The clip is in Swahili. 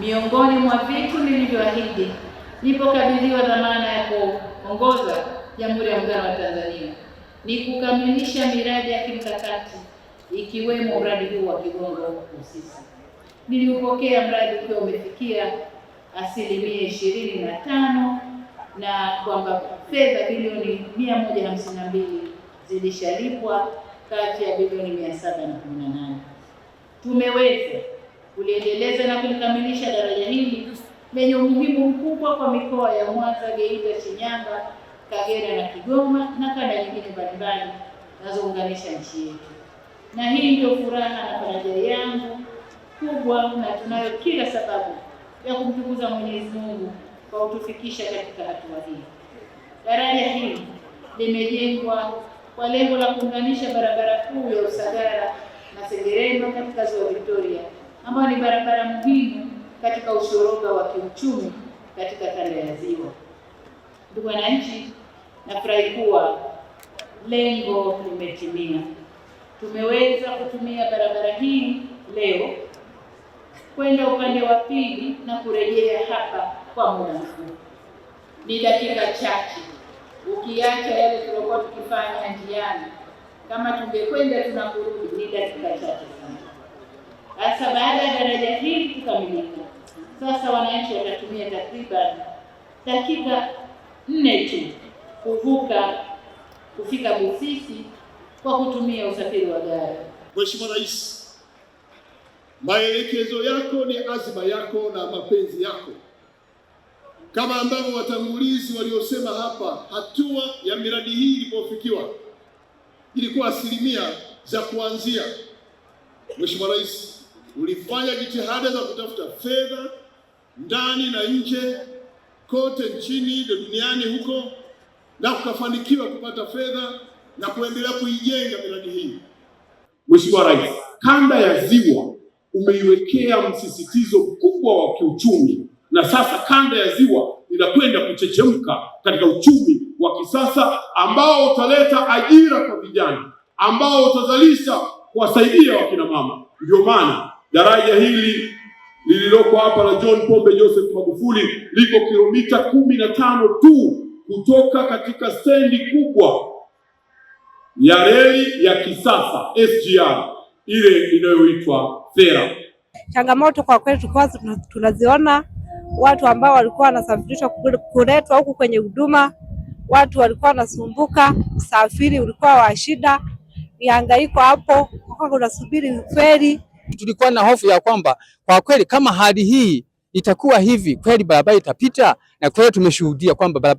Miongoni mwa vitu nilivyoahidi, nilipokabidhiwa dhamana ya kuongoza Jamhuri ya Muungano wa Tanzania ni kukamilisha miradi ya kimkakati ikiwemo mradi huu wa Kigongo Busisi. Niliupokea mradi ukiwa umefikia asilimia ishirini na tano na kwamba fedha bilioni mia moja hamsini na mbili zilishalipwa kati ya bilioni mia saba na kumi na nane tumeweza kuliendeleza na kulikamilisha daraja hili lenye umuhimu mkubwa kwa mikoa ya Mwanza, Geita, Shinyanga, Kagera na Kigoma na kanda nyingine mbalimbali zinazounganisha nchi yetu. Na hii ndio furaha na faraja yangu kubwa, na tunayo kila sababu ya kumtukuza Mwenyezi Mungu kwa kutufikisha katika hatua hii. Daraja hili limejengwa kwa lengo la kuunganisha barabara kuu ya Usagara na Sengerema katika Ziwa Victoria ambayo ni barabara muhimu katika ushoroga wa kiuchumi katika kanda ya Ziwa. Ndugu wananchi, nafurahi kuwa lengo limetimia. Tumeweza kutumia barabara hii leo kwenda upande wa pili na kurejea hapa kwa muda mfupi, ni dakika chache, ukiacha yale tuliokuwa tukifanya njiani. Kama tungekwenda tunakurudi, ni dakika chache sana. Sasa baada ya daraja hili kukamilika, sasa wananchi watatumia takriban dakika nne tu kuvuka kufika Busisi kwa kutumia usafiri wa gari. Mheshimiwa Rais, maelekezo yako ni azma yako na mapenzi yako, kama ambavyo watangulizi waliosema hapa, hatua ya miradi hii ilipofikiwa ilikuwa asilimia za kuanzia. Mheshimiwa Rais, Ulifanya jitihada za kutafuta fedha ndani na nje, kote nchini na duniani huko, na ukafanikiwa kupata fedha na kuendelea kuijenga miradi hii. Mheshimiwa Rais, kanda ya Ziwa umeiwekea msisitizo mkubwa wa kiuchumi, na sasa kanda ya Ziwa inakwenda kuchechemka katika uchumi wa kisasa ambao utaleta ajira kwa vijana ambao utazalisha kuwasaidia wakina mama. Ndio maana Daraja hili lililoko hapa la John Pombe Joseph Magufuli liko kilomita kumi na tano tu kutoka katika stendi kubwa ya reli ya kisasa SGR ile inayoitwa Thera. Changamoto kwa kweli tulikuwa tunaziona, watu ambao walikuwa wanasafirishwa kuletwa huku kwenye huduma, watu walikuwa wanasumbuka, usafiri ulikuwa wa shida, mihangaiko hapo, unasubiri feri tulikuwa na hofu ya kwamba kwa kweli kama hali hii itakuwa hivi kweli barabara itapita, na kweli tumeshuhudia kwamba barabara